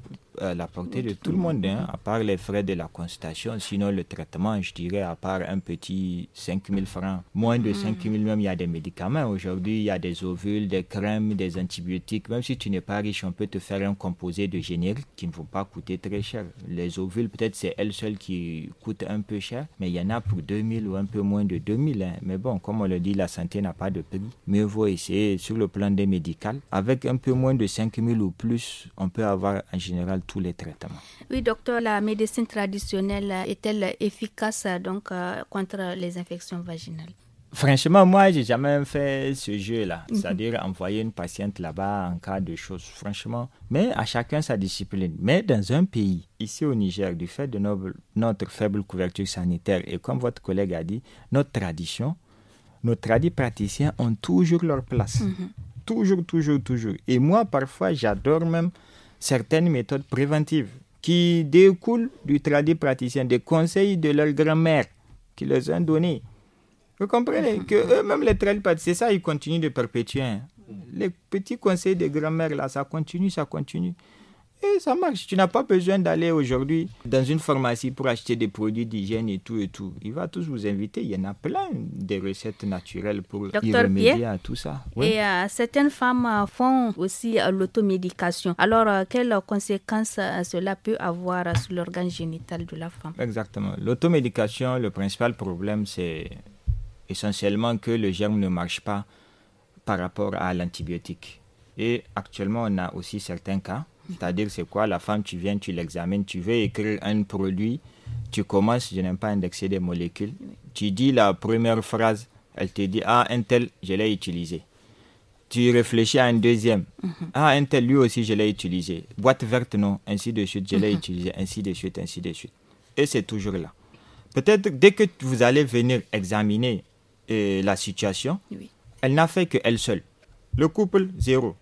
B: euh, la portée de tout le monde, hein, à part les frais de la consultation. Sinon, le traitement, je dirais, à part un petit 5 000 francs, moins de 5 000 mm. même, il y a des médicaments. Aujourd'hui, il y a des ovules, des crèmes, des antibiotiques. Même si tu n'es pas riche, on peut te faire un composé de générique qui ne va pas coûter très cher. Les ovules, peut-être, c'est elles seules qui coûtent un peu cher, mais il y en a pour 2 000 ou un peu moins de 2 000. Hein. Mais bon, comme on le dit, la santé n'a pas de prix. Mieux vaut essayer sur le plan des médicales. Avec un peu moins de 5 000 ou plus, on peut avoir en général tous les traitements.
A: Oui, docteur, la médecine traditionnelle est-elle efficace donc, euh, contre les infections vaginales
B: Franchement, moi, j'ai jamais fait ce jeu-là, mhm. c'est-à-dire envoyer une patiente là-bas en cas de choses, franchement. Mais à chacun sa discipline. Mais dans un pays, ici au Niger, du fait de notre, faible couverture sanitaire et comme votre collègue a dit, notre tradition, nos tradis praticiens ont toujours leur place. Mhm. Toujours, toujours, toujours. Et moi, parfois, j'adore même certaines méthodes préventives qui découlent du tradit praticien, des conseils de leur grand-mère qui les ont donnés. Vous comprenez mhm. que eux-mêmes, les tradits praticiens, ça, ils continuent de perpétuer. Hein. Les petits conseils de grand mères là, ça continue, ça continue. Et eh, ça marche. Tu n'as pas besoin d'aller aujourd'hui dans une pharmacie pour acheter des produits d'hygiène et tout et tout. Il va tous vous inviter. Il y en a plein des recettes naturelles pour y remédier à tout ça. Et
A: euh, certaines femmes euh, font aussi euh, l'automédication. Alors, quelles conséquences cela peut avoir sur l'organe génital de la femme
B: Exactement. L'automédication, le principal problème, c'est essentiellement que le germe ne marche pas par rapport à l'antibiotique. Et actuellement, on a aussi certains cas c'est-à-dire, c'est quoi La femme, tu viens, tu l'examines, tu veux écrire un produit, tu commences, je n'aime pas indexer des molécules. Tu dis la première phrase, elle te dit, ah, un tel, je l'ai utilisé. Tu réfléchis à un deuxième. Mhm. Ah, un tel, lui aussi, je l'ai utilisé. Boîte verte, non, ainsi de suite, je l'ai mhm. utilisé, ainsi de suite, ainsi de suite. Et c'est toujours là. Peut-être dès que vous allez venir examiner euh, la situation, elle n'a fait qu'elle seule. Le couple, zéro.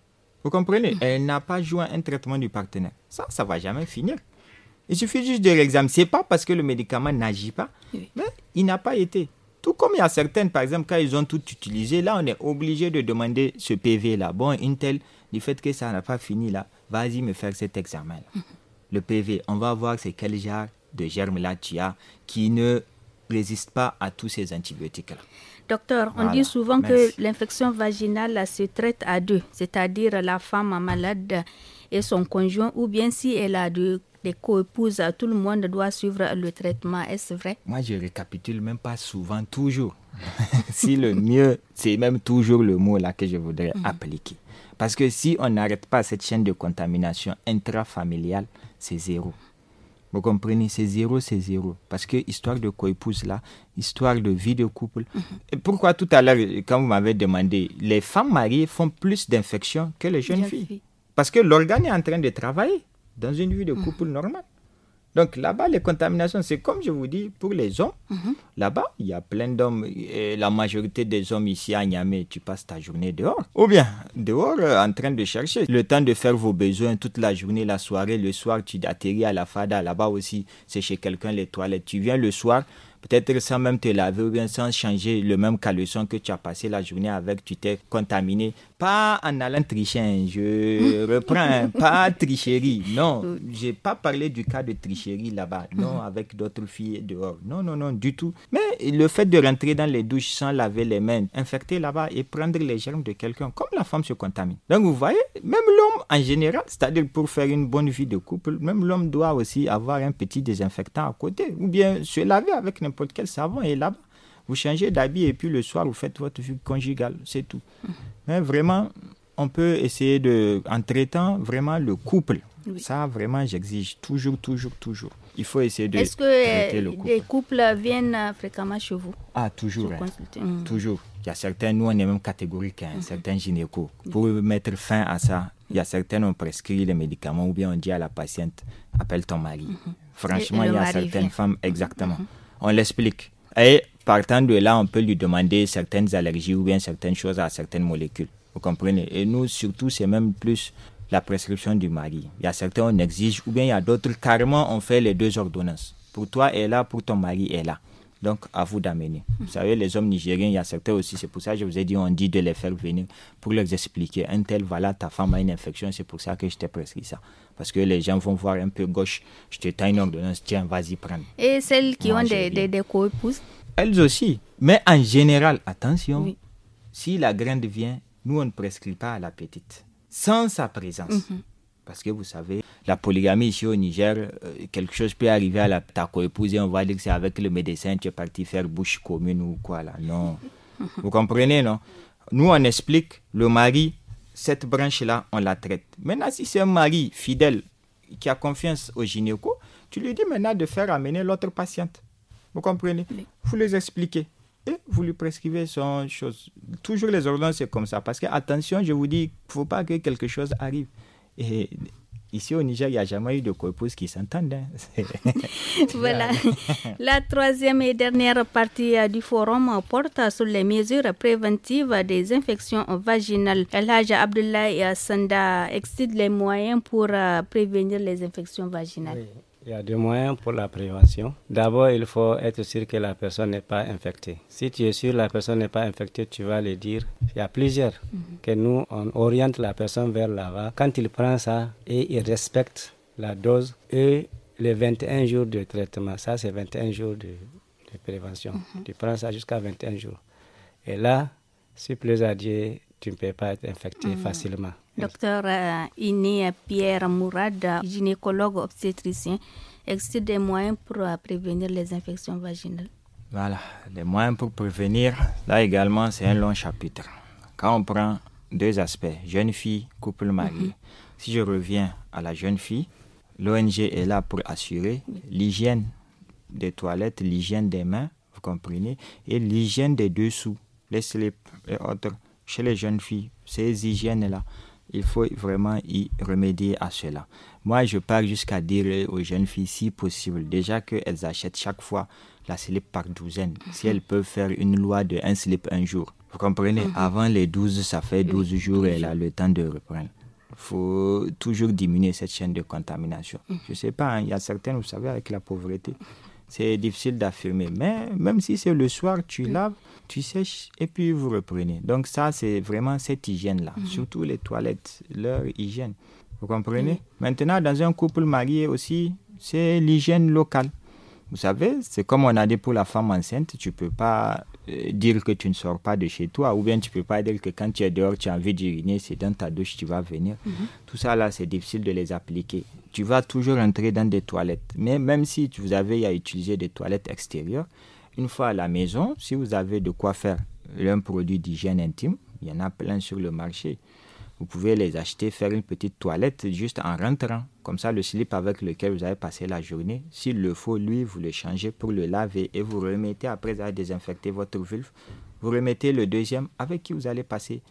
B: Vous comprenez mm. Elle n'a pas joué un traitement du partenaire. Ça, ça ne va jamais finir. Il suffit juste de l'examen. n'est pas parce que le médicament n'agit pas, mais il n'a pas été. Tout comme il y a certaines, par exemple, quand ils ont tout utilisé, là, on est obligé de demander ce PV-là. Bon, Intel, du fait que ça n'a pas fini là, vas-y me faire cet examen-là. Mm-hmm. Le PV, on va voir c'est quel genre de germe là tu as qui ne résiste pas à tous ces antibiotiques-là.
A: Docteur, on dit souvent que l'infection vaginale se traite à deux, c'est-à-dire la femme malade et son conjoint, ou bien si elle a deux des co-épouses, tout le monde doit suivre le traitement. Est-ce vrai
B: Moi, je récapitule même pas souvent, toujours. si le mieux, c'est même toujours le mot là que je voudrais mhm. appliquer. Parce que si on n'arrête pas cette chaîne de contamination intrafamiliale, c'est zéro. Vous comprenez C'est zéro, c'est zéro. Parce que histoire de co-épouse là, histoire de vie de couple. Mhm. pourquoi tout à l'heure, quand vous m'avez demandé, les femmes mariées font plus d'infections que les jeunes filles. Parce que l'organe est en train de travailler dans une vie de mhm. couple normale. Donc là-bas, les contaminations, c'est comme je vous dis, pour les hommes, mhm. là-bas, il y a plein d'hommes, et la majorité des hommes ici à Niamey, tu passes ta journée dehors. Ou bien, dehors, euh, en train de chercher. Le temps de faire vos besoins toute la journée, la soirée, le soir, tu atterris à la fada, là-bas aussi, c'est chez quelqu'un les toilettes. Tu viens le soir, peut-être sans même te laver ou bien sans changer le même caleçon que tu as passé la journée avec, tu t'es contaminé pas en allant tricher, hmm. je reprends, pas tricherie. Non, j'ai pas parlé du cas de tricherie là-bas, hmm. non, avec d'autres filles dehors. Non, non, non, du tout. Mais le fait de rentrer dans les douches sans laver les mains, infecter là-bas et prendre les germes de quelqu'un, comme la femme se contamine. Donc vous voyez, même l'homme en général, c'est-à-dire pour faire une bonne vie de couple, même l'homme doit aussi avoir un petit désinfectant à côté, ou bien se laver avec n'importe quel savon et là-bas. Vous changez d'habit et puis le soir, vous faites votre vie conjugale, c'est tout. Mais vraiment, on peut essayer de, en traitant vraiment le couple. Ça, vraiment, j'exige toujours, toujours, toujours. Il faut essayer de. Est-ce que les
A: couples viennent euh, fréquemment chez vous
B: Ah, toujours. Hein. Mmh. Toujours. Il y a certains, nous, on est même catégorique, hein, mmh. certains gynéco. Mmh. Pour mettre fin à ça, il y a certains, on prescrit les médicaments ou bien on dit à la patiente appelle ton mari. Franchement, il y a certaines femmes, exactement. On l'explique. Et Partant de là, on peut lui demander certaines allergies ou bien certaines choses à certaines molécules. Vous comprenez Et nous, surtout, c'est même plus la prescription du mari. Il y a certains, on exige, ou bien il y a d'autres, carrément, on fait les deux ordonnances. Pour toi, elle est là, pour ton mari, elle est là. Donc, à vous d'amener. Vous savez, les hommes nigériens, il y a certains aussi, c'est pour ça que je vous ai dit, on dit de les faire venir pour leur expliquer. Un tel, voilà, ta femme a une infection, c'est pour ça que je t'ai prescrit ça. Parce que les gens vont voir un peu gauche, je te une ordonnance, tiens, vas-y, prends.
A: Et celles qui ont des, des, des, co
B: elles aussi. Mais en général, attention, si la graine vient, nous, on ne prescrit pas à la petite, sans sa présence. Mhm. Parce que vous savez, la polygamie ici au Niger, euh, quelque chose peut arriver à la, ta coépouse et on va dire que c'est avec le médecin tu es parti faire bouche commune ou quoi là. Non. Mhm. vous comprenez, non Nous, on explique, le mari, cette branche-là, on la traite. Maintenant, si c'est un mari fidèle qui a confiance au gynéco, tu lui dis maintenant de faire amener l'autre patiente. Vous comprenez Vous les expliquez et vous lui prescrivez son chose. Toujours les ordonnances, c'est comme ça. Parce que, attention, je vous dis, il ne faut pas que quelque chose arrive. Et ici au Niger, il n'y a jamais eu de corpus qui s'entendent. Hein.
A: voilà. La troisième et dernière partie euh, du forum porte sur les mesures préventives des infections vaginales. L'âge Abdullah et Sanda excitent les moyens pour euh, prévenir les infections vaginales.
D: Il y a deux moyens pour la prévention. D'abord, il faut être sûr que la personne n'est pas infectée. Si tu es sûr que la personne n'est pas infectée, tu vas le dire. Il y a plusieurs mhm. que nous, on oriente la personne vers là-bas. Quand il prend ça et il respecte la dose et les 21 jours de traitement, ça c'est 21 jours de, prévention. Mhm. Tu prends ça jusqu'à 21 jours. Et là, si plus à Dieu, tu ne peux pas être infecté mhm. facilement.
A: Docteur euh, Iné Pierre Mourad, gynécologue obstétricien, existe des moyens pour euh, prévenir les infections vaginales
B: Voilà, les moyens pour prévenir, là également, c'est un long chapitre. Quand on prend deux aspects, jeune fille, couple marié, mm-hmm. si je reviens à la jeune fille, l'ONG est là pour assurer l'hygiène des toilettes, l'hygiène des mains, vous comprenez, et l'hygiène des dessous, les slips et autres. Chez les jeunes filles, ces hygiènes-là, il faut vraiment y remédier à cela. Moi, je pars jusqu'à dire aux jeunes filles, si possible, déjà qu'elles achètent chaque fois la slip par douzaine. Si mhm. elles peuvent faire une loi de un slip un jour. Vous comprenez mhm. Avant les 12, ça fait 12 jours et elle a le temps de reprendre. Il faut toujours diminuer cette chaîne de contamination. Mhm. Je ne sais pas, hein, il y a certaines, vous savez, avec la pauvreté, c'est difficile d'affirmer. Mais même si c'est le soir, tu laves tu sèches et puis vous reprenez. Donc ça, c'est vraiment cette hygiène-là. Mhm. Surtout les toilettes, leur hygiène. Vous comprenez Maintenant, dans un couple marié aussi, c'est l'hygiène locale. Vous savez, c'est comme on a dit pour la femme enceinte, tu ne peux pas euh, dire que tu ne sors pas de chez toi, ou bien tu ne peux pas dire que quand tu es dehors, tu as envie d'uriner, c'est dans ta douche, tu vas venir. Mhm. Tout ça, là, c'est difficile de les appliquer. Tu vas toujours entrer dans des toilettes. Mais même si vous avez à utiliser des toilettes extérieures, une fois à la maison, si vous avez de quoi faire un produit d'hygiène intime, il y en a plein sur le marché. Vous pouvez les acheter, faire une petite toilette juste en rentrant. Comme ça, le slip avec lequel vous avez passé la journée, s'il le faut, lui, vous le changez pour le laver et vous remettez, après avoir désinfecté votre vulve, vous remettez le deuxième avec qui vous allez passer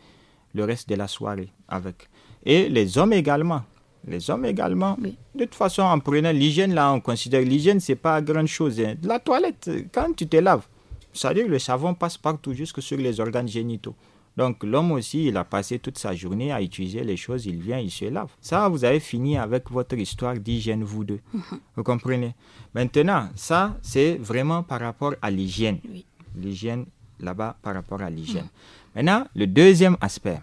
B: le reste de la soirée avec. Et les hommes également les hommes également. De toute façon, en prenant l'hygiène, là, on considère l'hygiène, c'est pas grand chose. Hein. La toilette, quand tu te laves, c'est-à-dire le savon passe partout, jusque sur les organes génitaux. Donc l'homme aussi, il a passé toute sa journée à utiliser les choses, il vient, il se lave. Ça, vous avez fini avec votre histoire d'hygiène, vous deux. Mhm. Vous comprenez Maintenant, ça, c'est vraiment par rapport à l'hygiène. L'hygiène, là-bas, par rapport à l'hygiène. Maintenant, le deuxième aspect,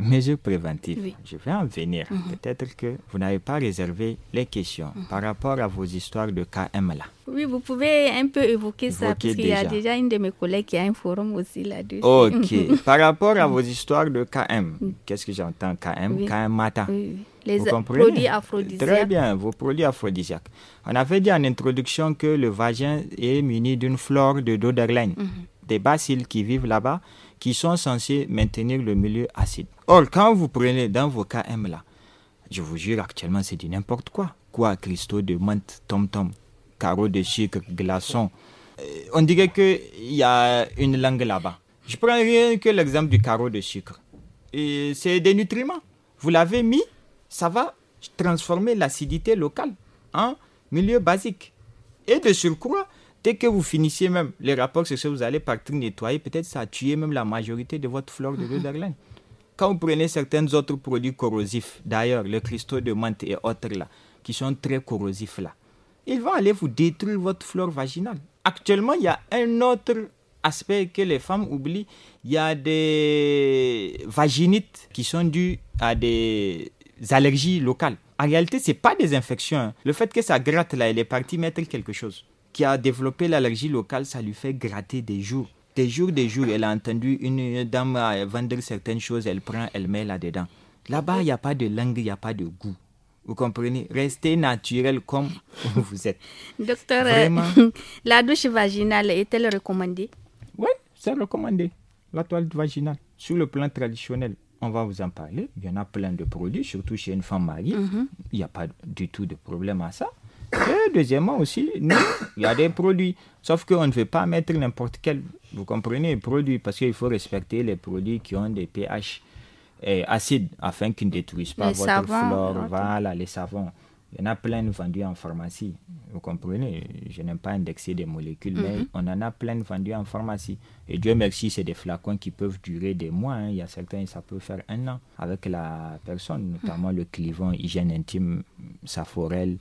B: mesures préventives. Je vais en venir. Mhm. Peut-être que vous n'avez pas réservé les questions mhm. par rapport à vos histoires de KM là.
A: Oui, vous pouvez un peu évoquer, ça, parce qu'il y a déjà une de mes collègues qui a un forum aussi là-dessus. Ok.
B: par rapport à mhm. vos histoires de KM, qu'est-ce que j'entends KM KM matin.
A: Les vous comprenez? produits aphrodisiaques. Très
B: bien, vos produits aphrodisiaques. On avait dit en introduction que le vagin est muni d'une flore de Doderlein, des bacilles qui vivent là-bas qui sont censés maintenir le milieu acide. Or, quand vous prenez dans vos KM là, je vous jure actuellement c'est du n'importe quoi. Quoi, cristaux de menthe, tom-tom, carreaux de sucre, glaçons. Euh, on dirait qu'il y a une langue là-bas. Je prends rien que l'exemple du carreau de sucre. C'est des nutriments. Vous l'avez mis, ça va transformer l'acidité locale en milieu basique. Et de surcroît, Dès que vous finissiez même les rapports ce que vous allez partir nettoyer, peut-être ça a tué même la majorité de votre flore de l'Oderland. Quand vous prenez certains autres produits corrosifs, d'ailleurs le cristaux de menthe et autres là, qui sont très corrosifs là, ils vont aller vous détruire votre flore vaginale. Actuellement, il y a un autre aspect que les femmes oublient. Il y a des vaginites qui sont dues à des allergies locales. En réalité, ce n'est pas des infections. Hein. Le fait que ça gratte là, elle est partie mettre quelque chose qui a développé l'allergie locale, ça lui fait gratter des jours. Des jours, des jours, elle a entendu une dame euh, vendre certaines choses, elle prend, elle met là-dedans. Là-bas, il n'y a pas de langue, il n'y a pas de goût. Vous comprenez Restez naturel comme vous êtes. Docteur, euh, Vraiment...
A: la douche vaginale est-elle recommandée Oui, c'est recommandé.
B: La toilette vaginale, sur le plan traditionnel, on va vous en parler. Il y en a plein de produits, surtout chez une femme mariée. Mhm. Il n'y a pas du tout de problème à ça deuxièmement aussi, il y a des produits. Sauf qu'on ne veut pas mettre n'importe quel, vous comprenez, produit, parce qu'il faut respecter les produits qui ont des pH eh, acides afin qu'ils ne détruisent pas votre flore. Voilà, les savons. Il y en a plein vendus en pharmacie. Vous comprenez Je n'aime pas indexer des molécules, mais mm-hmm. on en a plein vendus en pharmacie. Et Dieu merci, c'est des flacons qui peuvent durer des mois. Hein. Il y a certains, ça peut faire un an avec la personne, notamment le clivant, hygiène intime, sa forelle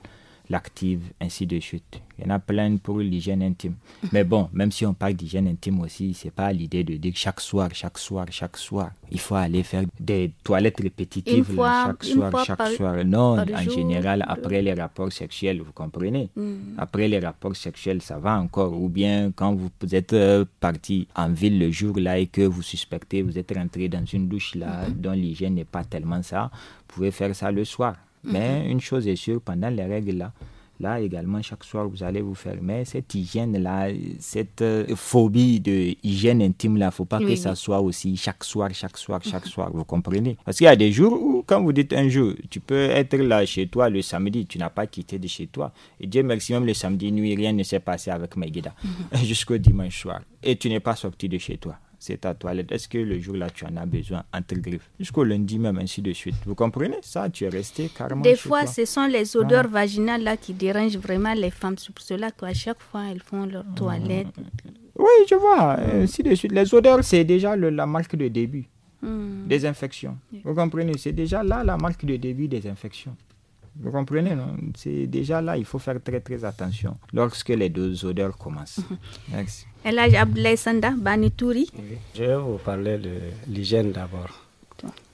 B: l'active, ainsi de suite. Il y en a plein pour l'hygiène intime. Mais bon, même si on parle d'hygiène intime aussi, c'est pas l'idée de dire chaque soir, chaque soir, chaque soir, il faut aller faire des toilettes répétitives chaque soir, chaque soir. Non, en général, euh, après les rapports sexuels, vous comprenez mm. Après les rapports sexuels, ça va encore. Ou bien quand vous êtes euh, parti en ville le jour là et que vous suspectez, vous êtes rentré dans une douche là mm-hmm. dont l'hygiène n'est pas tellement ça, vous pouvez faire ça le soir. Mhm. Mais une chose est sûre, pendant les règles-là, là également, chaque soir, vous allez vous fermer. Cette hygiène-là, cette euh, phobie de hygiène intime-là, il ne faut pas que ça soit aussi chaque soir, chaque soir, chaque soir. Vous comprenez Parce qu'il y a des jours où, quand vous dites un jour, tu peux être là chez toi le samedi, tu n'as pas quitté de chez toi. Et Dieu merci, même le samedi nuit, rien ne s'est passé avec Megida, mhm. Jusqu'au dimanche soir. Et tu n'es pas sorti de chez toi c'est ta toilette. Est-ce que le jour-là, tu en as besoin entre griffes Jusqu'au lundi même, ainsi de suite. Vous comprenez Ça, tu es resté carrément. Des fois, ce sont les odeurs
A: vaginales là qui dérangent vraiment les femmes. C'est pour cela qu'à chaque fois, elles font leur mmh. toilette.
B: Oui, je vois. Euh, ainsi de suite. Les odeurs, c'est déjà la marque de début mmh. des infections. Vous comprenez C'est déjà là la marque de début des infections. Vous comprenez, non C'est déjà là, il faut faire très très attention lorsque les deux odeurs commencent. Mhm.
D: Merci.
A: Et Sanda, Banitouri.
D: Je vais vous parler de l'hygiène d'abord,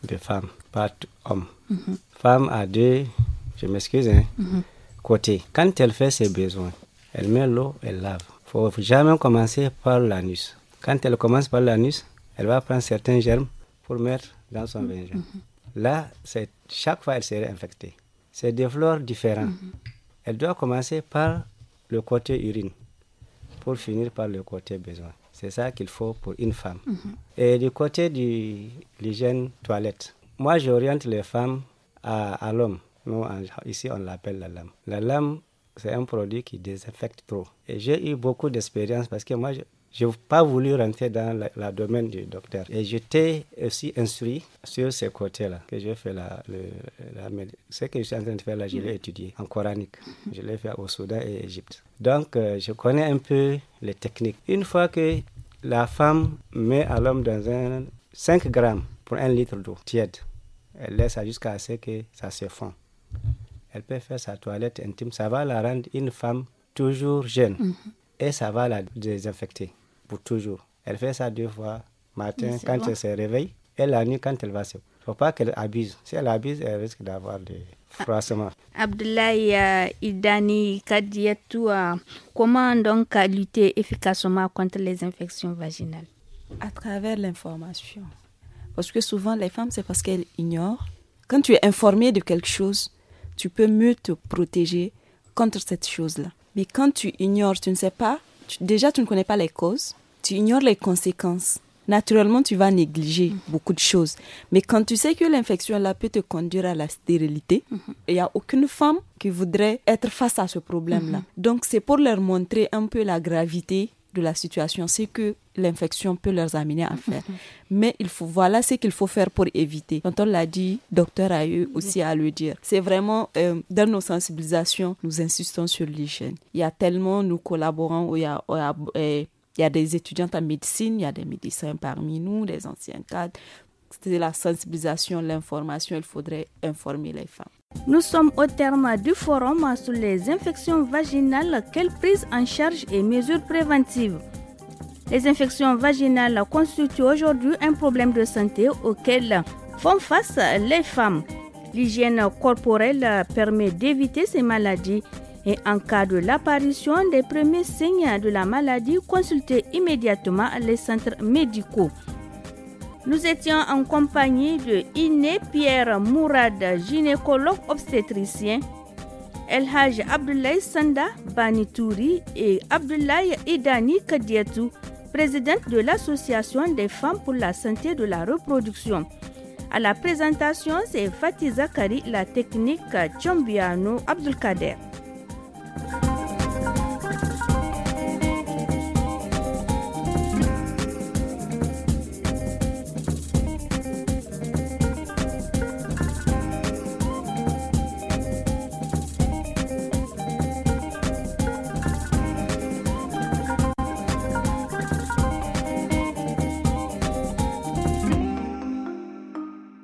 D: De mhm. femme, pas homme. Femme a deux, je m'excuse, hein, mhm. côtés. Quand elle fait ses besoins, elle met l'eau, elle lave. Il ne faut jamais commencer par l'anus. Quand elle commence par l'anus, elle va prendre certains germes pour mettre dans son vagin. Là, chaque fois, elle serait infectée c'est des fleurs différentes. Mhm. Elle doit commencer par le côté urine pour finir par le côté besoin. C'est ça qu'il faut pour une femme. Mhm. Et du côté de l'hygiène toilette, moi j'oriente les femmes à, l'homme. ici, on l'appelle la lame. La lame, c'est un produit qui désinfecte trop. Et j'ai eu beaucoup d'expérience parce que moi, je n'ai pas voulu rentrer dans la, domaine du docteur. Et j'étais aussi instruit sur ce côté-là, que j'ai fait la, le, Ce que je suis en train de faire là, je l'ai étudié en coranique. Je l'ai fait au Soudan et Égypte. Donc, euh, je connais un peu les techniques. Une fois que la femme met à l'homme dans un 5 grammes pour un litre d'eau tiède, elle laisse jusqu'à ce que ça se fond elle peut faire sa toilette intime. Ça va la rendre une femme toujours jeune mhm. et ça va la désinfecter pour toujours. Elle fait ça deux fois, matin quand elle se réveille et la nuit quand elle va se. Il ne faut pas qu'elle abuse. Si elle abuse, elle risque d'avoir des froissements.
A: Ah, Abdoulaye euh, Idani Kadiatou, euh, comment donc lutter efficacement contre les infections vaginales À travers l'information.
C: Parce que souvent, les femmes, c'est parce qu'elles ignorent. Quand tu es informé de quelque chose, tu peux mieux te protéger contre cette chose-là. Mais quand tu ignores, tu ne sais pas, déjà tu ne connais pas les causes, tu ignores les conséquences. Naturellement, tu vas négliger mm-hmm. beaucoup de choses. Mais quand tu sais que l'infection là peut te conduire à la stérilité, il mm-hmm. n'y a aucune femme qui voudrait être face à ce problème-là. Mm-hmm. Donc, c'est pour leur montrer un peu la gravité de la situation, c'est que l'infection peut leur amener à faire. Mhm. Mais il faut, voilà ce qu'il faut faire pour éviter. Quand on l'a dit, docteur a eu aussi à le dire. C'est vraiment euh, dans nos sensibilisations, nous insistons sur l'hygiène. Il y a tellement, nous collaborons, il y a, il y a des étudiantes en médecine, il y a des médecins parmi nous, des anciens cadres. C'est la sensibilisation, l'information, il faudrait informer les femmes.
A: Nous sommes au terme du forum sur les infections vaginales, quelles prises en charge et mesures préventives. Les infections vaginales constituent aujourd'hui un problème de santé auquel font face les femmes. L'hygiène corporelle permet d'éviter ces maladies et en cas de l'apparition des premiers signes de la maladie, consultez immédiatement les centres médicaux. Nous étions en compagnie de Iné Pierre Mourad, gynécologue obstétricien, Elhaj Abdoulaye Sanda Banitouri et Abdoulaye Idani Kadietou, présidente de l'Association des femmes pour la santé de la reproduction. À la présentation, c'est Fatih Zakari, la technique Chombiano Abdulkader.